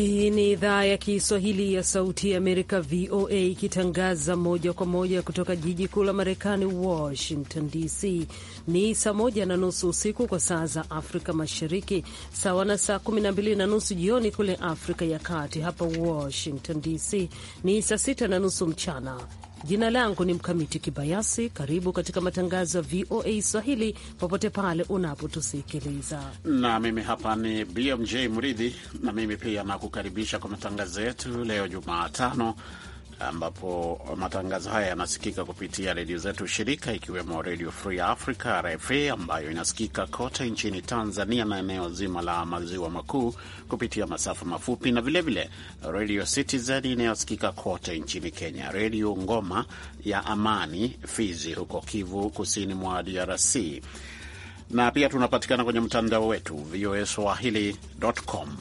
Hii ni idhaa ya Kiswahili ya Sauti ya Amerika, VOA, ikitangaza moja kwa moja kutoka jiji kuu la Marekani, Washington DC. Ni saa moja na nusu usiku kwa saa za Afrika Mashariki, sawa na saa kumi na mbili na nusu jioni kule Afrika ya Kati. Hapa Washington DC ni saa sita na nusu mchana. Jina langu ni Mkamiti Kibayasi. Karibu katika matangazo ya VOA Swahili popote pale unapotusikiliza, na mimi hapa ni BMJ Mridhi, na mimi pia nakukaribisha kwa matangazo yetu leo Jumatano ambapo matangazo haya yanasikika kupitia redio zetu shirika ikiwemo Redio Free Africa, RFA, ambayo inasikika kote nchini Tanzania na eneo zima la maziwa makuu kupitia masafa mafupi, na vilevile Redio Citizen inayosikika kote nchini Kenya, Redio Ngoma ya Amani Fizi huko Kivu kusini mwa DRC, na pia tunapatikana kwenye mtandao wetu voa swahili.com.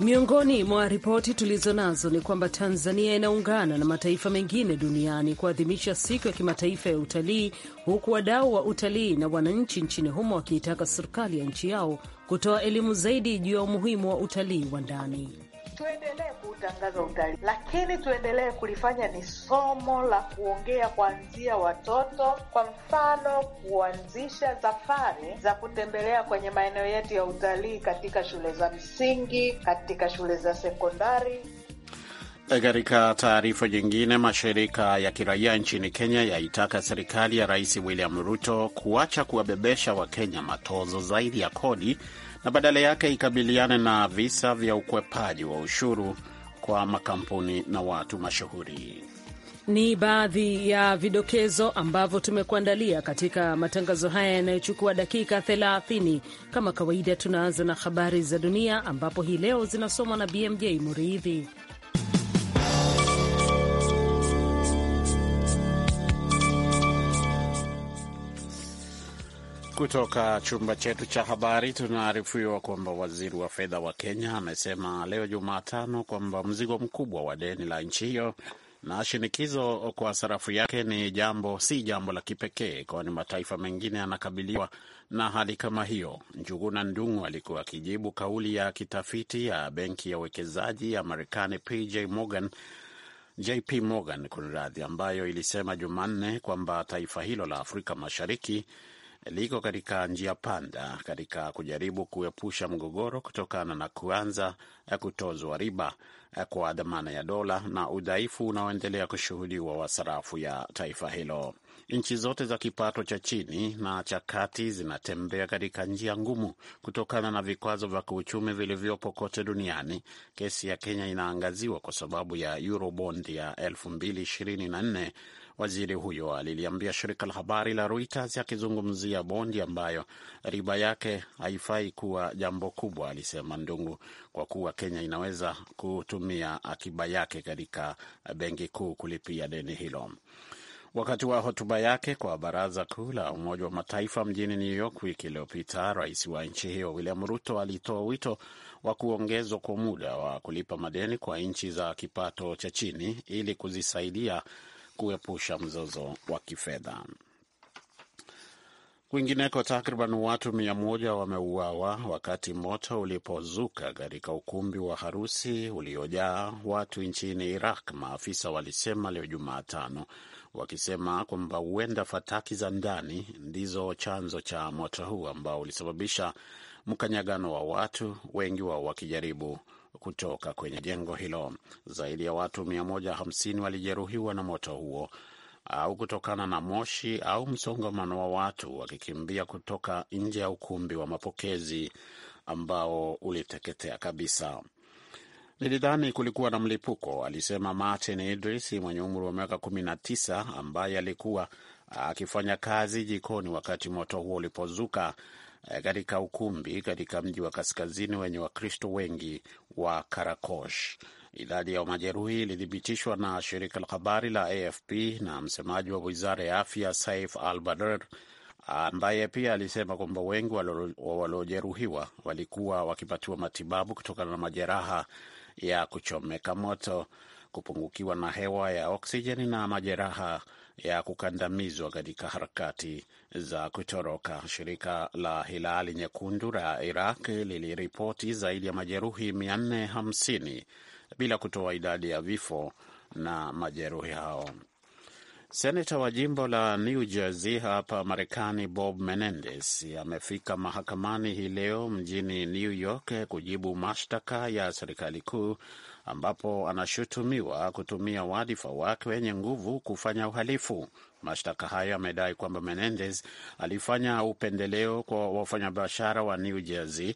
Miongoni mwa ripoti tulizo nazo ni kwamba Tanzania inaungana na mataifa mengine duniani kuadhimisha siku ya kimataifa ya utalii, huku wadau wa utalii na wananchi nchini humo wakiitaka serikali ya nchi yao kutoa elimu zaidi juu ya umuhimu wa utalii wa ndani. Tuendelee kutangaza utalii, lakini tuendelee kulifanya ni somo la kuongea kuanzia watoto. Kwa mfano, kuanzisha safari za kutembelea kwenye maeneo yetu ya utalii katika shule za msingi, katika shule za sekondari. E, katika taarifa nyingine, mashirika ya kiraia nchini Kenya yaitaka serikali ya Rais William Ruto kuacha kuwabebesha Wakenya matozo zaidi ya kodi na badala yake ikabiliane na visa vya ukwepaji wa ushuru kwa makampuni na watu mashuhuri. Ni baadhi ya vidokezo ambavyo tumekuandalia katika matangazo haya yanayochukua dakika 30. Kama kawaida, tunaanza na habari za dunia ambapo hii leo zinasomwa na BMJ Muridhi. Kutoka chumba chetu cha habari tunaarifiwa kwamba waziri wa fedha wa Kenya amesema leo Jumatano kwamba mzigo mkubwa wa deni la nchi hiyo na shinikizo kwa sarafu yake ni jambo si jambo la kipekee, kwani mataifa mengine yanakabiliwa na hali kama hiyo. Njuguna Ndungu alikuwa akijibu kauli ya kitafiti ya benki ya uwekezaji ya Marekani PJ Morgan JP Morgan kunradhi, ambayo ilisema Jumanne kwamba taifa hilo la Afrika Mashariki liko katika njia panda katika kujaribu kuepusha mgogoro kutokana na kuanza kutozwa riba kwa dhamana ya dola na udhaifu unaoendelea kushuhudiwa wa sarafu ya taifa hilo. Nchi zote za kipato cha chini na cha kati zinatembea katika njia ngumu kutokana na vikwazo vya kiuchumi vilivyopo kote duniani. Kesi ya Kenya inaangaziwa kwa sababu ya Eurobond ya 2024 Waziri huyo aliliambia shirika la habari la Reuters akizungumzia bondi ambayo riba yake haifai kuwa jambo kubwa, alisema Ndungu, kwa kuwa Kenya inaweza kutumia akiba yake katika benki kuu kulipia deni hilo. Wakati wa hotuba yake kwa baraza kuu la Umoja wa Mataifa mjini New York wiki iliyopita, rais wa nchi hiyo William Ruto alitoa wito wa kuongezwa kwa muda wa kulipa madeni kwa nchi za kipato cha chini ili kuzisaidia kuepusha mzozo wa kifedha. Kwingineko, takriban watu mia moja wameuawa wakati moto ulipozuka katika ukumbi wa harusi uliojaa watu nchini Iraq, maafisa walisema leo Jumatano, wakisema kwamba huenda fataki za ndani ndizo chanzo cha moto huu ambao ulisababisha mkanyagano wa watu wengi wao wakijaribu kutoka kwenye jengo hilo. Zaidi ya watu 150 walijeruhiwa na moto huo au kutokana na moshi au msongamano wa watu wakikimbia kutoka nje ya ukumbi wa mapokezi ambao uliteketea kabisa. Nilidhani kulikuwa na mlipuko, alisema Martin Idris mwenye umri wa miaka 19 ambaye alikuwa akifanya kazi jikoni wakati moto huo ulipozuka Eh, katika ukumbi katika mji wa kaskazini wenye Wakristo wengi wa Karakosh. Idadi ya majeruhi ilithibitishwa na shirika la habari la AFP na msemaji wa wizara ya afya Saif Al-Badr ambaye pia alisema kwamba wengi waliojeruhiwa walikuwa wakipatiwa matibabu kutokana na majeraha ya kuchomeka moto, kupungukiwa na hewa ya oksijeni na majeraha ya kukandamizwa katika harakati za kutoroka. Shirika la Hilali Nyekundu la Iraq liliripoti zaidi ya majeruhi 450 bila kutoa idadi ya vifo na majeruhi hao. Senata wa jimbo la New Jersey hapa Marekani, Bob Menendez amefika mahakamani hii leo mjini New York kujibu mashtaka ya serikali kuu ambapo anashutumiwa kutumia wadhifa wake wenye nguvu kufanya uhalifu. Mashtaka hayo amedai kwamba Menendez alifanya upendeleo kwa wafanyabiashara wa New Jersey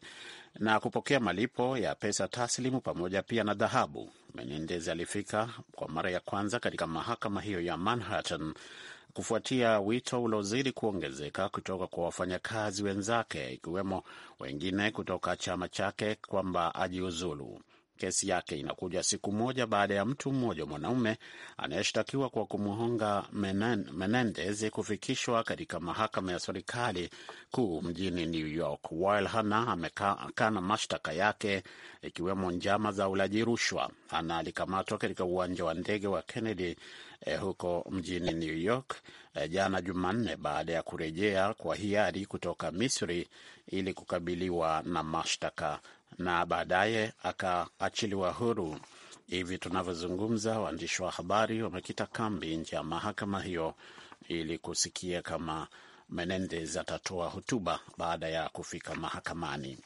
na kupokea malipo ya pesa taslimu pamoja pia na dhahabu. Menendez alifika kwa mara ya kwanza katika mahakama hiyo ya Manhattan kufuatia wito uliozidi kuongezeka kutoka kwa wafanyakazi wenzake, ikiwemo wengine kutoka chama chake kwamba ajiuzulu. Kesi yake inakuja siku moja baada ya mtu mmoja mwanaume anayeshtakiwa kwa kumhonga Menendez kufikishwa katika mahakama ya serikali kuu mjini New York. While Hana amekana mashtaka yake ikiwemo njama za ulaji rushwa. Hana alikamatwa katika uwanja wa ndege wa Kennedy eh, huko mjini New York eh, jana Jumanne baada ya kurejea kwa hiari kutoka Misri ili kukabiliwa na mashtaka na baadaye akaachiliwa huru. Hivi tunavyozungumza, waandishi wa habari wamekita kambi nje ya mahakama hiyo ili kusikia kama Menendez atatoa hotuba baada ya kufika mahakamani.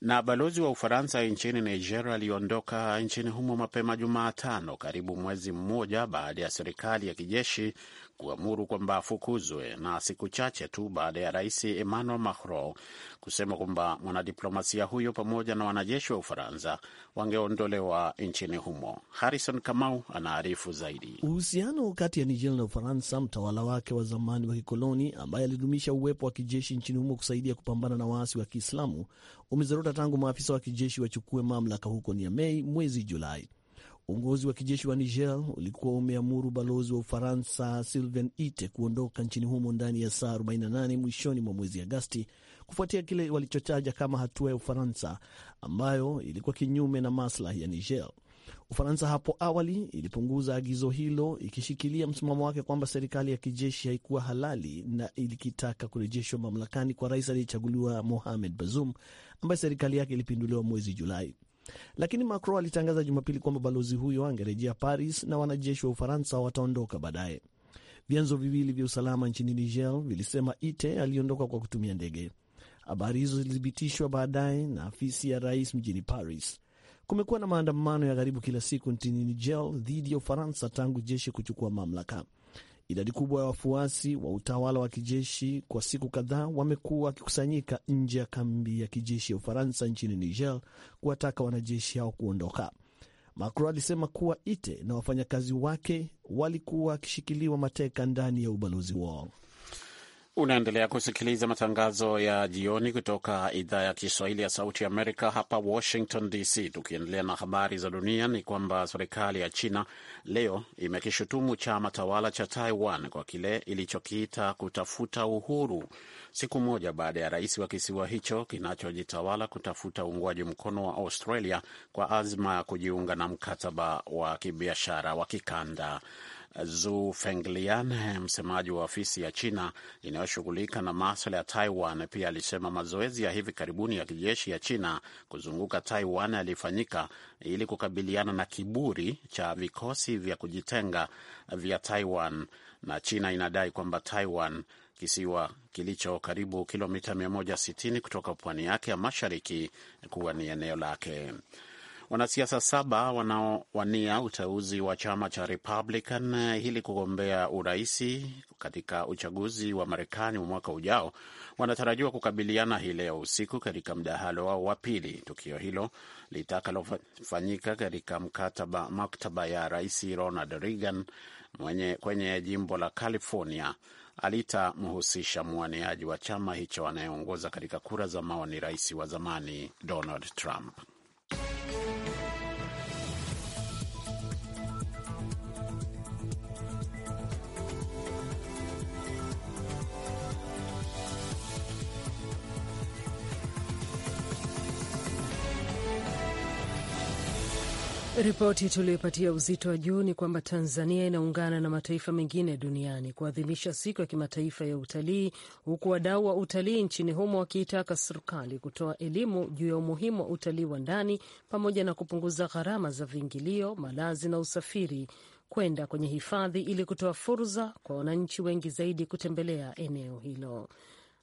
Na balozi wa Ufaransa nchini niger aliondoka nchini humo mapema Jumatano, karibu mwezi mmoja baada ya serikali ya kijeshi kuamuru kwamba afukuzwe, na siku chache tu baada ya rais Emmanuel Macron kusema kwamba mwanadiplomasia huyo pamoja na wanajeshi wa Ufaransa wangeondolewa nchini humo. Harrison Kamau anaarifu zaidi. Uhusiano kati ya Niger na Ufaransa, mtawala wake wa zamani wa kikoloni ambaye alidumisha uwepo wa kijeshi nchini humo kusaidia kupambana na waasi wa Kiislamu, umezorota tangu maafisa wa kijeshi wachukue mamlaka huko Niamey mwezi Julai. Uongozi wa kijeshi wa Niger ulikuwa umeamuru balozi wa Ufaransa Sylvain Ite kuondoka nchini humo ndani ya saa 48 mwishoni mwa mwezi Agasti kufuatia kile walichotaja kama hatua ya Ufaransa ambayo ilikuwa kinyume na maslahi ya Niger. Ufaransa hapo awali ilipunguza agizo hilo ikishikilia msimamo wake kwamba serikali ya kijeshi haikuwa halali na ilikitaka kurejeshwa mamlakani kwa rais aliyechaguliwa Mohamed Bazoum ambaye serikali yake ilipinduliwa mwezi Julai. Lakini Macron alitangaza Jumapili kwamba balozi huyo angerejea Paris na wanajeshi wa Ufaransa wataondoka baadaye. Vyanzo viwili vya usalama nchini Niger vilisema Ite aliondoka kwa kutumia ndege. Habari hizo zilithibitishwa baadaye na afisi ya rais mjini Paris. Kumekuwa na maandamano ya karibu kila siku nchini Niger dhidi ya Ufaransa tangu jeshi kuchukua mamlaka. Idadi kubwa ya wafuasi wa utawala wa kijeshi kwa siku kadhaa wamekuwa wakikusanyika nje ya kambi ya kijeshi ya Ufaransa nchini Niger kuwataka wanajeshi hao kuondoka. Macron alisema kuwa Ite na wafanyakazi wake walikuwa wakishikiliwa mateka ndani ya ubalozi wao. Unaendelea kusikiliza matangazo ya jioni kutoka idhaa ya Kiswahili ya Sauti Amerika hapa Washington DC. Tukiendelea na habari za dunia, ni kwamba serikali ya China leo imekishutumu chama tawala cha Taiwan kwa kile ilichokiita kutafuta uhuru, siku moja baada ya rais wa kisiwa hicho kinachojitawala kutafuta uungwaji mkono wa Australia kwa azma ya kujiunga na mkataba wa kibiashara wa kikanda. Zu Fenglian, msemaji wa ofisi ya China inayoshughulika na maswala ya Taiwan, pia alisema mazoezi ya hivi karibuni ya kijeshi ya China kuzunguka Taiwan yalifanyika ili kukabiliana na kiburi cha vikosi vya kujitenga vya Taiwan, na China inadai kwamba Taiwan kisiwa kilicho karibu kilomita 160 kutoka pwani yake ya mashariki kuwa ni eneo lake. Wanasiasa saba wanaowania uteuzi wa chama cha Republican ili kugombea uraisi katika uchaguzi wa Marekani wa mwaka ujao wanatarajiwa kukabiliana hii leo usiku katika mdahalo wao wa pili. Tukio hilo litakalofanyika katika mkataba maktaba ya Rais Ronald Reagan mwenye kwenye jimbo la California alitamhusisha mwaniaji wa chama hicho anayeongoza katika kura za maoni, rais wa zamani Donald Trump. Ripoti tuliyopatia uzito wa juu ni kwamba Tanzania inaungana na mataifa mengine duniani kuadhimisha siku ya kimataifa ya utalii, huku wadau wa utalii nchini humo wakiitaka serikali kutoa elimu juu ya umuhimu wa utalii wa ndani pamoja na kupunguza gharama za viingilio, malazi na usafiri kwenda kwenye hifadhi ili kutoa fursa kwa wananchi wengi zaidi kutembelea eneo hilo.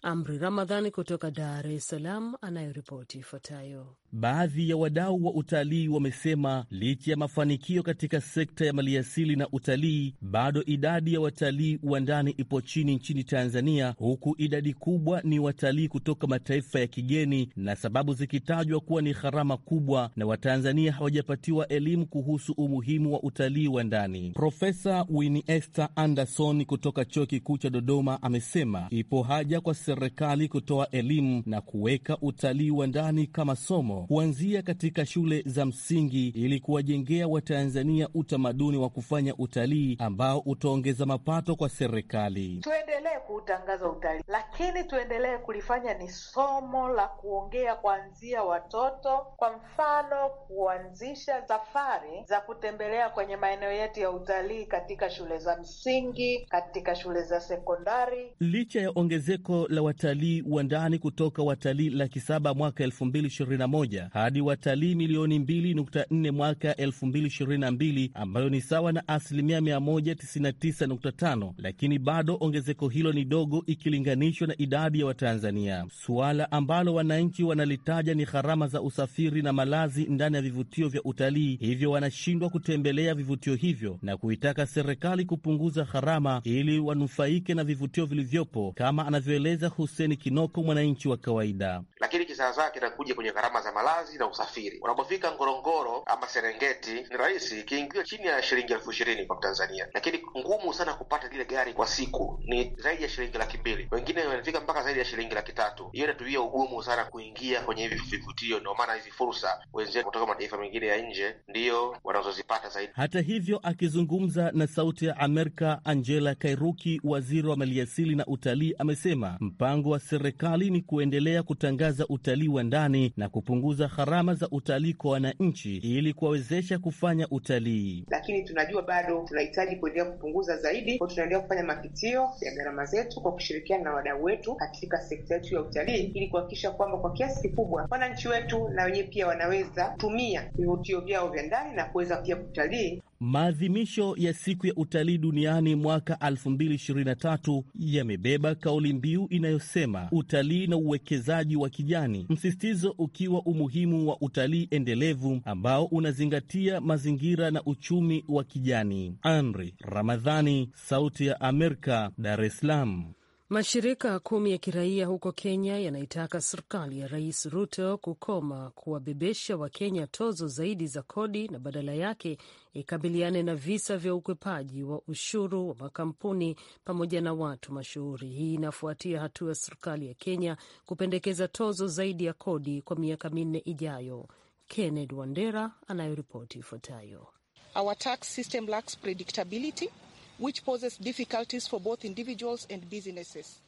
Amri Ramadhani kutoka Dar es Salaam anayeripoti ifuatayo. Baadhi ya wadau wa utalii wamesema licha ya mafanikio katika sekta ya maliasili na utalii, bado idadi ya watalii wa ndani ipo chini nchini Tanzania, huku idadi kubwa ni watalii kutoka mataifa ya kigeni, na sababu zikitajwa kuwa ni gharama kubwa na Watanzania hawajapatiwa elimu kuhusu umuhimu wa utalii wa ndani. Profesa Winnie Esther Anderson kutoka Chuo Kikuu cha Dodoma amesema ipo haja kwa serikali kutoa elimu na kuweka utalii wa ndani kama somo kuanzia katika shule za msingi ili kuwajengea Watanzania utamaduni wa kufanya utalii ambao utaongeza mapato kwa serikali. Tuendelee kuutangaza utalii, lakini tuendelee kulifanya ni somo la kuongea kuanzia watoto, kwa mfano kuanzisha safari za kutembelea kwenye maeneo yetu ya utalii katika shule za msingi, katika shule za sekondari. Licha ya ongezeko la watalii wa ndani kutoka watalii laki saba mwaka elfu mbili ishirini na moja moja hadi watalii milioni 2.4 mwaka 2022 ambayo ni sawa na asilimia 199.5, lakini bado ongezeko hilo ni dogo ikilinganishwa na idadi ya Watanzania, suala ambalo wananchi wanalitaja ni gharama za usafiri na malazi ndani ya vivutio vya utalii, hivyo wanashindwa kutembelea vivutio hivyo na kuitaka serikali kupunguza gharama ili wanufaike na vivutio vilivyopo, kama anavyoeleza Huseni Kinoko, mwananchi wa kawaida. Lakini kisawasawa kinakuja kwenye gharama za malazi na usafiri. Unapofika Ngorongoro ama Serengeti ni rahisi, ikiingiwa chini ya shilingi elfu ishirini kwa Mtanzania, lakini ngumu sana kupata lile gari kwa siku, ni zaidi ya shilingi laki mbili, wengine wanafika mpaka zaidi ya shilingi laki tatu. Hiyo inatuia ugumu sana kuingia kwenye hivi vivutio. Ndio maana hizi fursa wenzetu kutoka mataifa mengine ya nje ndiyo wanazozipata zaidi. Hata hivyo, akizungumza na Sauti ya Amerika, Angela Kairuki, waziri wa maliasili na utalii, amesema mpango wa serikali ni kuendelea kutangaza utalii wa ndani na kupunguza kupunguza gharama za utalii kwa wananchi ili kuwawezesha kufanya utalii, lakini tunajua bado tunahitaji kuendelea kupunguza zaidi, kwa tunaendelea kufanya mapitio ya gharama zetu kwa kushirikiana na wadau wetu katika sekta yetu ya utalii ili kuhakikisha kwamba kwa kiasi kikubwa wananchi wetu na wenyewe pia wanaweza kutumia vivutio vyao vya ndani na kuweza pia kutalii. Maadhimisho ya siku ya utalii duniani mwaka 2023 yamebeba kauli mbiu inayosema utalii na uwekezaji wa kijani, msisitizo ukiwa umuhimu wa utalii endelevu ambao unazingatia mazingira na uchumi wa kijani. Amri Ramadhani, Sauti ya Amerika, Dar es Salaam. Mashirika kumi ya kiraia huko Kenya yanaitaka serikali ya Rais Ruto kukoma kuwabebesha Wakenya tozo zaidi za kodi na badala yake ikabiliane na visa vya ukwepaji wa ushuru wa makampuni pamoja na watu mashuhuri. Hii inafuatia hatua ya serikali ya Kenya kupendekeza tozo zaidi ya kodi kwa miaka minne ijayo. Kenneth Wandera anayoripoti ifuatayo. Our tax system lacks predictability which poses difficulties for both individuals and businesses.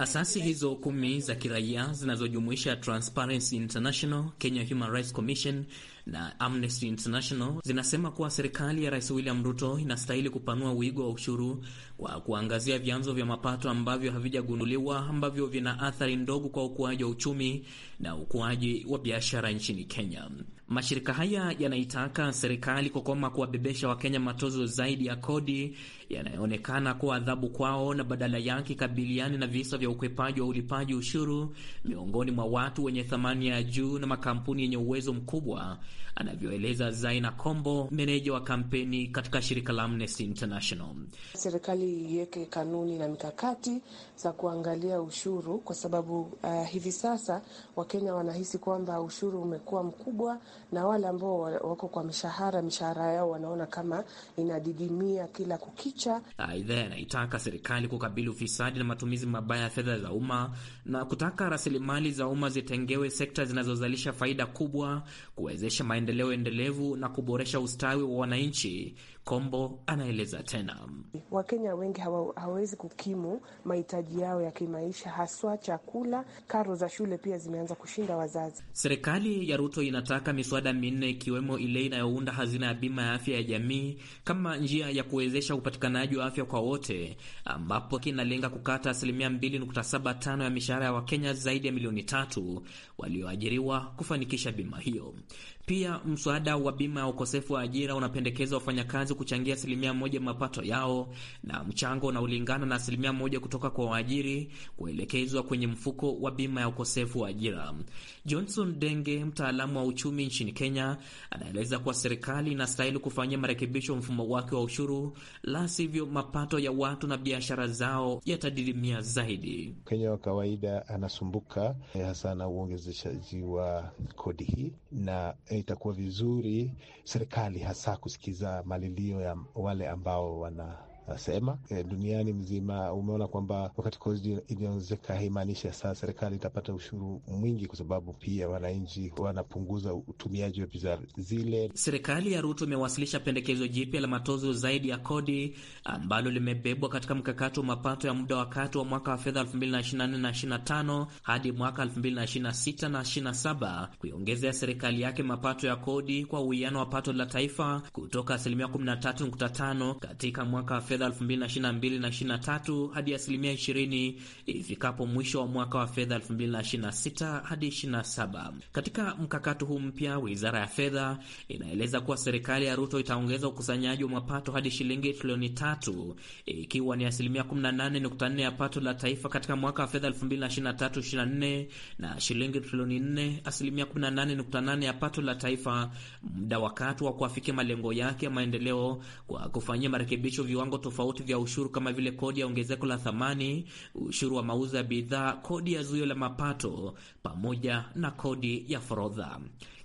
Asasi hizo kumi za kiraia zinazojumuisha Transparency International, Kenya Human Rights Commission na Amnesty International zinasema kuwa serikali ya Rais William Ruto inastahili kupanua wigo wa ushuru kwa kuangazia vyanzo vya mapato ambavyo havijagunduliwa ambavyo vina athari ndogo kwa ukuaji wa uchumi na ukuaji wa biashara nchini Kenya. Mashirika haya yanaitaka serikali kukoma kuwabebesha Wakenya matozo zaidi ya kodi yanayoonekana kuwa adhabu kwao na badala yake kabiliani na visa vya ukwepaji wa ulipaji ushuru miongoni mwa watu wenye thamani ya juu na makampuni yenye uwezo mkubwa anavyoeleza Zaina Kombo, meneja wa kampeni katika shirika la Amnesty International. Serikali iweke kanuni na mikakati za kuangalia ushuru kwa sababu uh, hivi sasa Wakenya wanahisi kwamba ushuru umekuwa mkubwa, na wale ambao wako kwa mishahara, mishahara yao wanaona kama inadidimia kila kukicha. Aidha, anaitaka serikali kukabili ufisadi na matumizi mabaya ya fedha za umma na kutaka rasilimali za umma zitengewe sekta zinazozalisha faida kubwa kuwezesha maendeleo endelevu na kuboresha ustawi wa wananchi Kombo anaeleza tena, Wakenya wengi hawawezi kukimu mahitaji yao ya kimaisha, haswa chakula. Karo za shule pia zimeanza kushinda wazazi. Serikali ya Ruto inataka miswada minne ikiwemo ile inayounda hazina ya bima ya afya ya jamii kama njia ya kuwezesha upatikanaji wa afya kwa wote, ambapo kinalenga kukata asilimia 2.75 ya mishahara ya Wakenya zaidi ya milioni tatu walioajiriwa kufanikisha bima hiyo. Pia mswada wa bima ya ukosefu wa ajira unapendekeza wafanyakazi tatu kuchangia asilimia moja mapato yao, na mchango unaolingana na asilimia moja kutoka kwa waajiri kuelekezwa kwenye mfuko wa bima ya ukosefu wa ajira. Johnson Denge, mtaalamu wa uchumi nchini Kenya, anaeleza kuwa serikali inastahili kufanyia marekebisho mfumo wake wa ushuru, la sivyo mapato ya watu na biashara zao yatadidimia zaidi. Kenya wa kawaida anasumbuka eh, hasa na uongezeshaji wa kodi hii, na eh, itakuwa vizuri serikali hasa kusikiza malili ndio ya wale ambao wana e, duniani mzima. Umeona kwamba wakati kodi inaongezeka haimaanishi sasa serikali itapata ushuru mwingi, kwa sababu pia wananchi wanapunguza utumiaji wa bidhaa zile. Serikali ya Ruto imewasilisha pendekezo jipya la matozo zaidi ya kodi ambalo limebebwa katika mkakati wa mapato ya muda wakati wa mwaka wa fedha 2024 na 25 hadi mwaka 2026 na 27 kuiongezea serikali yake mapato ya kodi kwa uwiano wa pato la taifa kutoka asilimia 13.5 katika mwaka wa fedha 2022 na 23 hadi asilimia 20 ifikapo mwisho wa mwaka wa fedha 2026 hadi 27. Katika mkakati huu mpya, wizara ya fedha inaeleza kuwa serikali ya Ruto itaongeza ukusanyaji wa mapato hadi shilingi trilioni 3 ikiwa ni asilimia 18.4 ya pato la taifa katika mwaka wa fedha 2023/24 na shilingi trilioni 4 asilimia 18.8 ya pato la taifa muda wakati wa kuafikia malengo yake ya maendeleo kwa kufanyia marekebisho viwango tofauti vya ushuru kama vile kodi ya ongezeko la thamani, ushuru wa mauzo ya bidhaa, kodi ya zuio la mapato pamoja na kodi ya forodha.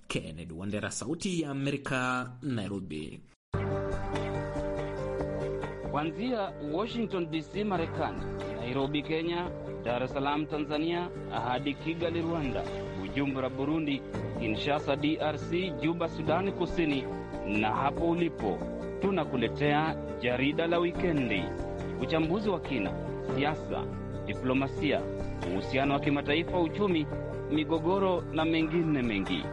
Kennedy Wandera, Sauti ya Amerika, Nairobi. Kuanzia Washington DC, Marekani, Nairobi, Kenya, Dar es Salaam, Tanzania, hadi Kigali, Rwanda, Bujumbura, Burundi, Kinshasa, DRC, Juba, Sudani Kusini na hapo ulipo tunakuletea jarida la wikendi, uchambuzi wa kina, siasa, diplomasia, uhusiano wa kimataifa, uchumi, migogoro na mengine mengi.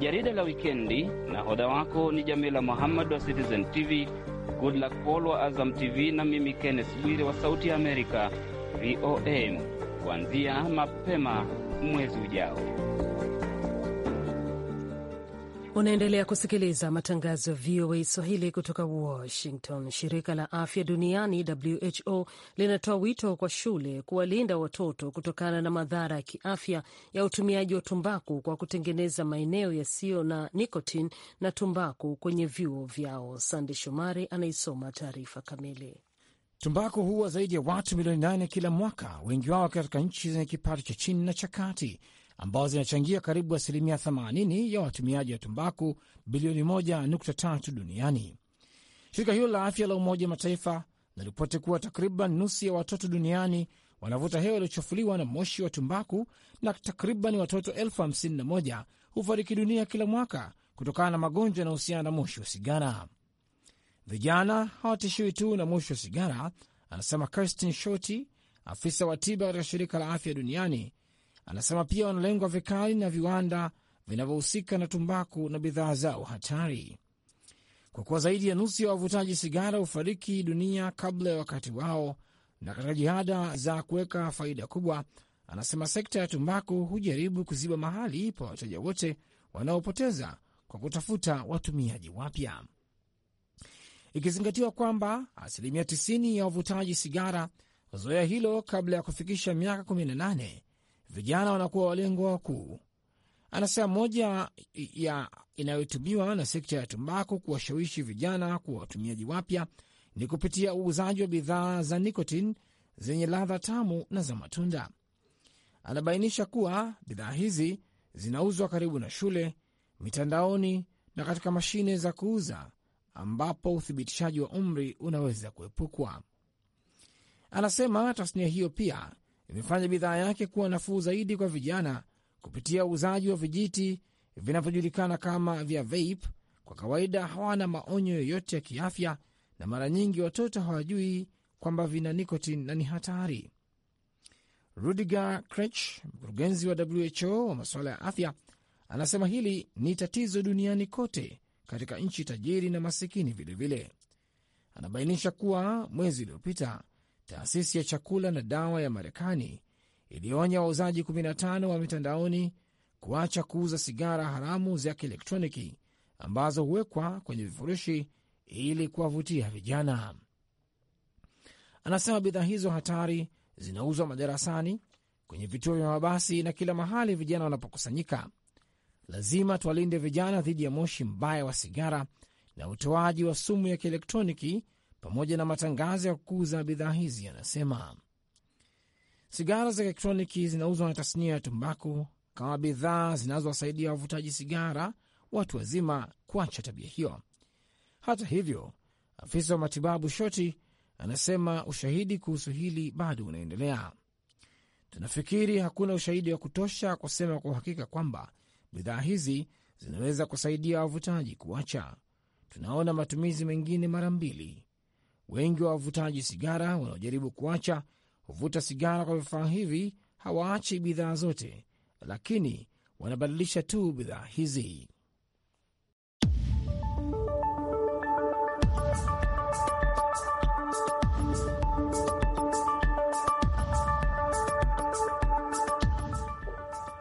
Jarida la wikendi, nahodha wako ni Jamila Muhammad wa Citizen TV, Goodluck Paul wa Azam TV na mimi Kenneth Bwire wa Sauti ya Amerika, VOA, kuanzia mapema mwezi ujao. Unaendelea kusikiliza matangazo ya VOA Swahili kutoka Washington. Shirika la afya duniani WHO linatoa wito kwa shule kuwalinda watoto kutokana na madhara ya kiafya ya utumiaji wa tumbaku kwa kutengeneza maeneo yasiyo na nikotin na tumbaku kwenye vyuo vyao. Sande Shomari anaisoma taarifa kamili. Tumbaku huwa zaidi ya watu milioni nane kila mwaka, wengi wao katika nchi zenye kipato cha chini na cha kati ambao zinachangia karibu asilimia 80 ya watumiaji wa tumbaku bilioni 1.3 duniani. Shirika hilo la afya la Umoja wa Mataifa linaripoti kuwa takriban nusu ya watoto duniani wanavuta hewa iliyochafuliwa na moshi wa tumbaku na takriban watoto elfu hamsini na moja hufariki dunia kila mwaka kutokana na magonjwa yanayohusiana na moshi wa sigara. Vijana hawatishiwi tu na moshi wa sigara, anasema Kirsten Shoti, afisa wa tiba katika shirika la afya duniani Anasema pia wanalengwa vikali na viwanda vinavyohusika na tumbaku na bidhaa zao hatari, kwa kuwa zaidi ya nusu ya wavutaji sigara hufariki dunia kabla ya wakati wao. Na katika jihada za kuweka faida kubwa, anasema sekta ya tumbaku hujaribu kuziba mahali pa wateja wote wanaopoteza kwa kutafuta watumiaji wapya, ikizingatiwa kwamba asilimia 90 ya wavutaji sigara huzoea hilo kabla ya kufikisha miaka vijana wanakuwa walengwa wakuu. Anasema moja ya inayotumiwa na sekta ya tumbaku kuwashawishi vijana kuwa watumiaji wapya ni kupitia uuzaji wa bidhaa za nikotin zenye ladha tamu na za matunda. Anabainisha kuwa bidhaa hizi zinauzwa karibu na shule, mitandaoni na katika mashine za kuuza, ambapo uthibitishaji wa umri unaweza kuepukwa. Anasema tasnia hiyo pia imefanya bidhaa yake kuwa nafuu zaidi kwa vijana kupitia uuzaji wa vijiti vinavyojulikana kama vya vape. Kwa kawaida hawana maonyo yoyote ya kiafya, na mara nyingi watoto hawajui kwamba vina nikotin na ni hatari. Rudiger Krech, mkurugenzi wa WHO wa masuala ya afya, anasema hili ni tatizo duniani kote, katika nchi tajiri na masikini vilevile. Anabainisha kuwa mwezi uliopita Taasisi ya chakula na dawa ya Marekani ilionya wauzaji 15 wa mitandaoni kuacha kuuza sigara haramu za kielektroniki ambazo huwekwa kwenye vifurushi ili kuwavutia vijana. Anasema bidhaa hizo hatari zinauzwa madarasani, kwenye vituo vya mabasi na kila mahali vijana wanapokusanyika. Lazima tuwalinde vijana dhidi ya moshi mbaya wa sigara na utoaji wa sumu ya kielektroniki pamoja na matangazo ya kukuza bidhaa hizi. Anasema sigara za elektroniki zinauzwa na tasnia ya tumbaku kama bidhaa zinazowasaidia wavutaji sigara watu wazima kuacha tabia hiyo. Hata hivyo, afisa wa matibabu Shoti anasema ushahidi kuhusu hili bado unaendelea. Tunafikiri hakuna ushahidi wa kutosha kusema kwa uhakika kwamba bidhaa hizi zinaweza kusaidia wavutaji kuacha. Tunaona matumizi mengine mara mbili. Wengi wa wavutaji sigara wanaojaribu kuacha huvuta sigara kwa vifaa hivi, hawaachi bidhaa zote, lakini wanabadilisha tu bidhaa hizi.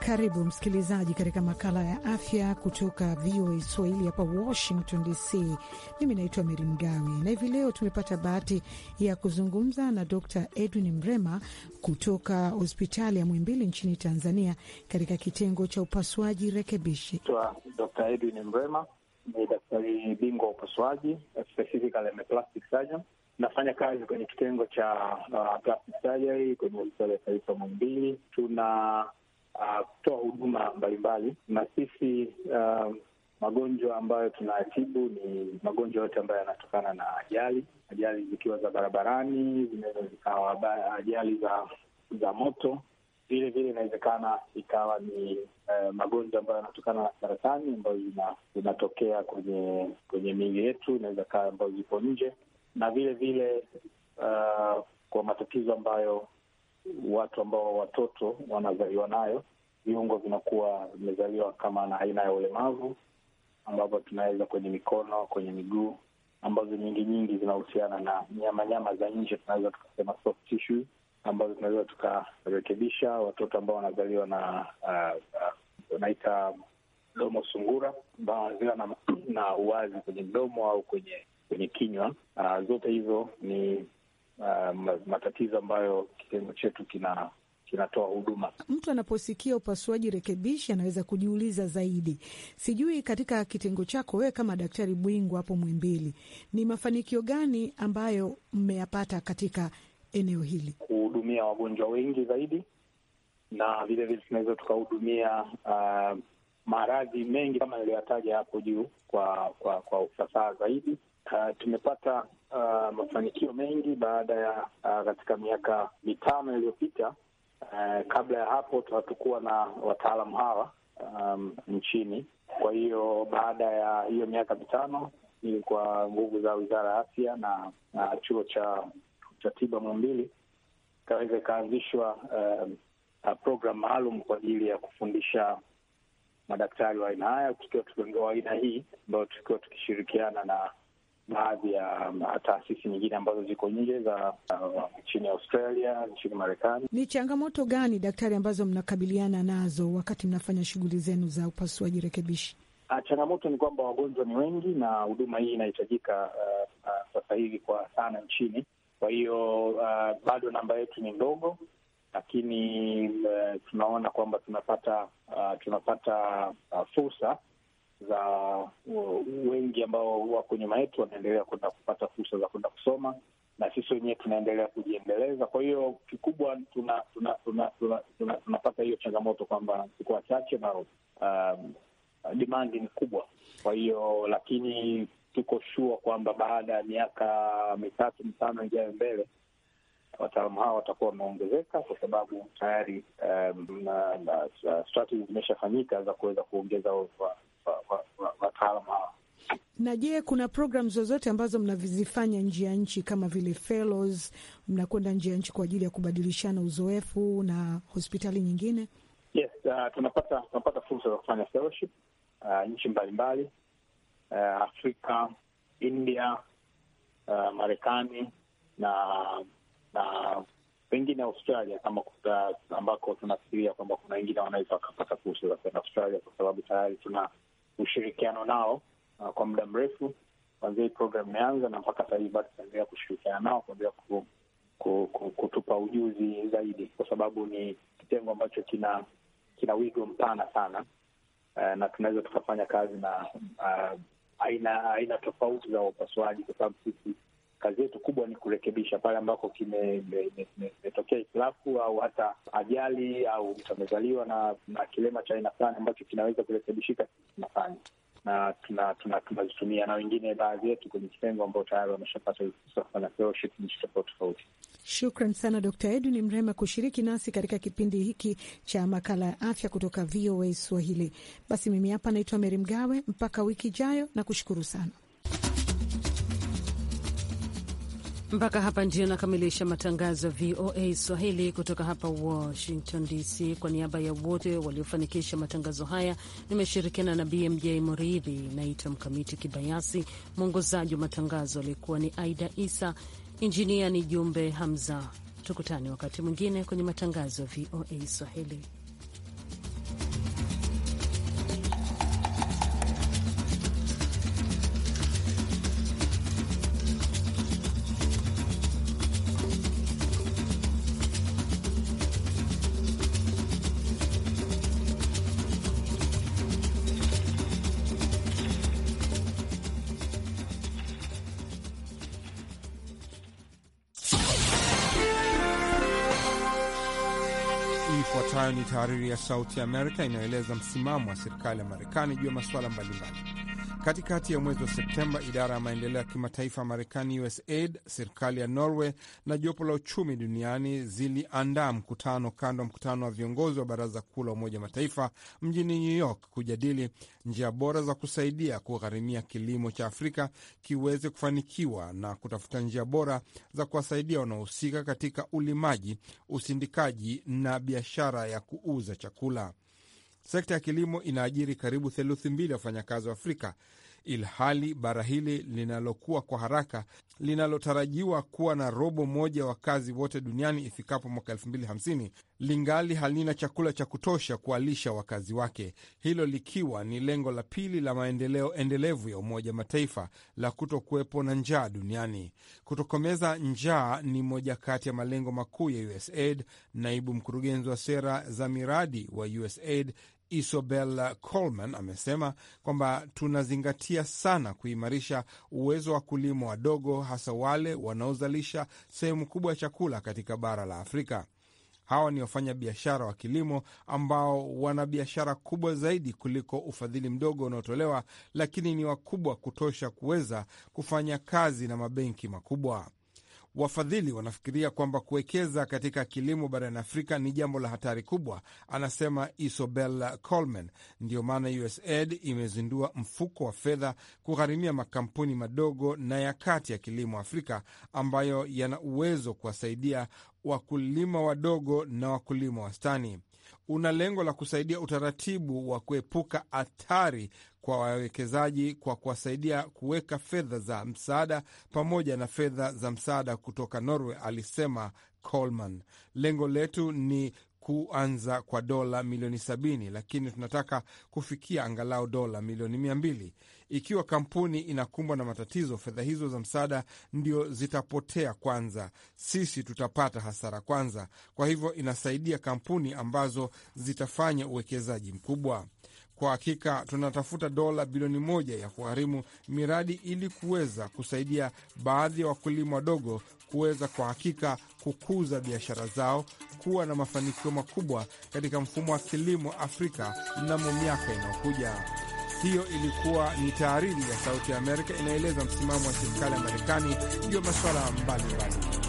Karibu msikilizaji katika makala ya afya kutoka VOA Swahili hapa Washington DC. Mimi naitwa Meri Mgawe na hivi leo tumepata bahati ya kuzungumza na Dr Edwin Mrema kutoka hospitali ya Mwimbili nchini Tanzania, katika kitengo cha upasuaji rekebishi. Dr Edwin Mrema ni daktari bingwa wa upasuaji, specifically plastic surgeon. Nafanya kazi kwenye kitengo cha uh, plastic surgery kwenye hospitali ya taifa Mwimbili. tuna Uh, kutoa uh, huduma mbalimbali na sisi uh, magonjwa ambayo tunayatibu ni magonjwa yote ambayo yanatokana na ajali, ajali zikiwa za barabarani, zinaweza zikawa ajali za za moto, vile vile inawezekana ikawa ni eh, magonjwa ambayo yanatokana na saratani ambayo zinatokea kwenye kwenye miili yetu, inaweza kaa ambayo zipo nje, na vile vile uh, kwa matatizo ambayo watu ambao watoto wanazaliwa nayo, viungo vinakuwa vimezaliwa kama na aina ya ulemavu, ambavyo tunaweza kwenye mikono, kwenye miguu, ambazo nyingi nyingi zinahusiana na nyama nyama za nje, tunaweza tukasema soft tissue, ambazo tunaweza tukarekebisha. Watoto ambao wanazaliwa na wanaita uh, uh, mdomo sungura, ambao wanazaliwa na, na uwazi kwenye mdomo au kwenye kwenye kinywa. Uh, zote hizo ni uh, matatizo ambayo kitengo chetu kina kinatoa huduma. Mtu anaposikia upasuaji rekebishi anaweza kujiuliza zaidi. Sijui katika kitengo chako wewe kama Daktari Bwingwa hapo Mwimbili, ni mafanikio gani ambayo mmeyapata katika eneo hili? Kuhudumia wagonjwa wengi zaidi na vilevile tunaweza tukahudumia uh, maradhi mengi kama niliyoyataja hapo juu kwa kwa kwa ufasaha zaidi. Uh, tumepata uh, mafanikio mengi baada ya uh, katika miaka mitano iliyopita. Uh, kabla ya hapo hatukuwa na wataalamu hawa um, nchini. Kwa hiyo baada ya hiyo miaka mitano ni kwa nguvu za Wizara ya Afya na, na chuo cha cha tiba Muhimbili ikaweza ikaanzishwa um, uh, program maalum kwa ajili ya kufundisha madaktari wa aina haya tukiwa aina hii ambayo tukiwa tukishirikiana na baadhi ya um, taasisi nyingine ambazo ziko nje za uh, nchini uh, Australia, nchini Marekani. Ni changamoto gani daktari, ambazo mnakabiliana nazo wakati mnafanya shughuli zenu za upasuaji rekebishi? Ah, changamoto ni kwamba wagonjwa ni wengi na huduma hii inahitajika uh, uh, sasa hivi kwa sana nchini. Kwa hiyo uh, bado namba yetu ni ndogo, lakini uh, tunaona kwamba tunapata uh, tunapata uh, fursa za uh, wengi ambao wako nyuma yetu wanaendelea kwenda kupata fursa za kwenda kusoma na sisi wenyewe tunaendelea kujiendeleza. Kwa hiyo kikubwa tunapata tuna, tuna, tuna, tuna, tuna, tuna hiyo changamoto kwamba tuko wachache na um, dimandi ni kubwa. Kwa hiyo lakini tuko shua kwamba baada ya miaka mitatu mitano ijayo mbele wataalamu hawa watakuwa wameongezeka kwa sababu tayari um, zimeshafanyika za kuweza kuongeza wataalamu hawa. Na je, kuna programu zozote ambazo mnazifanya nje ya nchi kama vile fellows, mnakwenda nje ya nchi kwa ajili ya kubadilishana uzoefu na hospitali nyingine? Yes, uh, tunapata tunapata fursa za kufanya fellowship uh, nchi mbalimbali uh, Afrika, India, uh, Marekani na pengine Australia kama ambako tunafikiria kwamba kuna wengine wanaweza wakapata fursa za kwenda Australia kwa sababu tayari tuna ushirikiano nao uh, kwa muda mrefu kwanzia hii programu imeanza na mpaka sahivi bado tunaendelea kushirikiana nao kuendelea ku, ku, ku, kutupa ujuzi zaidi, kwa sababu ni kitengo ambacho kina kina wigo mpana sana uh, na tunaweza tukafanya kazi na uh, aina aina tofauti za upasuaji, kwa sababu sisi kazi yetu kubwa ni kurekebisha pale ambako kimetokea hitilafu au hata ajali au mtu amezaliwa na, na kilema cha aina fulani ambacho kinaweza kurekebishika, tunafanya na tunazitumia tuna, tuna na wengine baadhi yetu kwenye kitengo ambao tayari wameshapata kufanya fellowship nchi tofauti tofauti. Shukran sana Dr. Edwin Mrema kushiriki nasi katika kipindi hiki cha makala ya afya kutoka VOA Swahili. Basi mimi hapa naitwa Meri Mgawe, mpaka wiki ijayo, na kushukuru sana. Mpaka hapa ndio nakamilisha matangazo ya VOA Swahili kutoka hapa Washington DC. Kwa niaba ya wote waliofanikisha matangazo haya, nimeshirikiana na BMJ Muridhi. Naitwa Mkamiti Kibayasi, mwongozaji wa matangazo aliyekuwa ni Aida Isa, injinia ni Jumbe Hamza. Tukutane wakati mwingine kwenye matangazo ya VOA Swahili. Sauti ya Amerika inayoeleza msimamo wa serikali ya Marekani juu ya masuala mbalimbali. Katikati ya mwezi wa Septemba, idara ya maendeleo ya kimataifa ya Marekani, USAID, serikali ya Norway na jopo la uchumi duniani ziliandaa mkutano kando ya mkutano wa viongozi wa baraza kuu la Umoja Mataifa mjini New York kujadili njia bora za kusaidia kugharimia kilimo cha Afrika kiweze kufanikiwa na kutafuta njia bora za kuwasaidia wanaohusika katika ulimaji, usindikaji na biashara ya kuuza chakula. Sekta ya kilimo inaajiri karibu theluthi mbili ya wafanyakazi wa Afrika, ilhali bara hili linalokuwa kwa haraka linalotarajiwa kuwa na robo moja wakazi wote duniani ifikapo mwaka 2050 lingali halina chakula cha kutosha kuwalisha wakazi wake, hilo likiwa ni lengo la pili la maendeleo endelevu ya Umoja Mataifa la kuto kuwepo na njaa duniani. Kutokomeza njaa ni moja kati ya malengo makuu ya USAID. Naibu mkurugenzi wa sera za miradi wa USAID Isobel Coleman amesema kwamba tunazingatia sana kuimarisha uwezo wa kulima wadogo, hasa wale wanaozalisha sehemu kubwa ya chakula katika bara la Afrika. Hawa ni wafanyabiashara wa kilimo ambao wana biashara kubwa zaidi kuliko ufadhili mdogo unaotolewa, lakini ni wakubwa kutosha kuweza kufanya kazi na mabenki makubwa. Wafadhili wanafikiria kwamba kuwekeza katika kilimo barani Afrika ni jambo la hatari kubwa, anasema Isobel Coleman. Ndiyo maana USAID imezindua mfuko wa fedha kugharimia makampuni madogo na ya kati ya kilimo Afrika ambayo yana uwezo kuwasaidia wakulima wadogo na wakulima wastani. Una lengo la kusaidia utaratibu wa kuepuka athari kwa wawekezaji kwa kuwasaidia kuweka fedha za msaada pamoja na fedha za msaada kutoka Norway, alisema Coleman. Lengo letu ni kuanza kwa dola milioni sabini lakini tunataka kufikia angalau dola milioni mia mbili Ikiwa kampuni inakumbwa na matatizo, fedha hizo za msaada ndio zitapotea kwanza, sisi tutapata hasara kwanza. Kwa hivyo inasaidia kampuni ambazo zitafanya uwekezaji mkubwa. Kwa hakika tunatafuta dola bilioni moja ya kugharimu miradi ili kuweza kusaidia baadhi ya wa wakulima wadogo kuweza kwa hakika kukuza biashara zao, kuwa na mafanikio makubwa katika mfumo wa kilimo Afrika mnamo miaka inayokuja. Hiyo ilikuwa ni tahariri ya Sauti ya Amerika inayoeleza msimamo wa serikali ya Marekani juu ya masuala mbalimbali.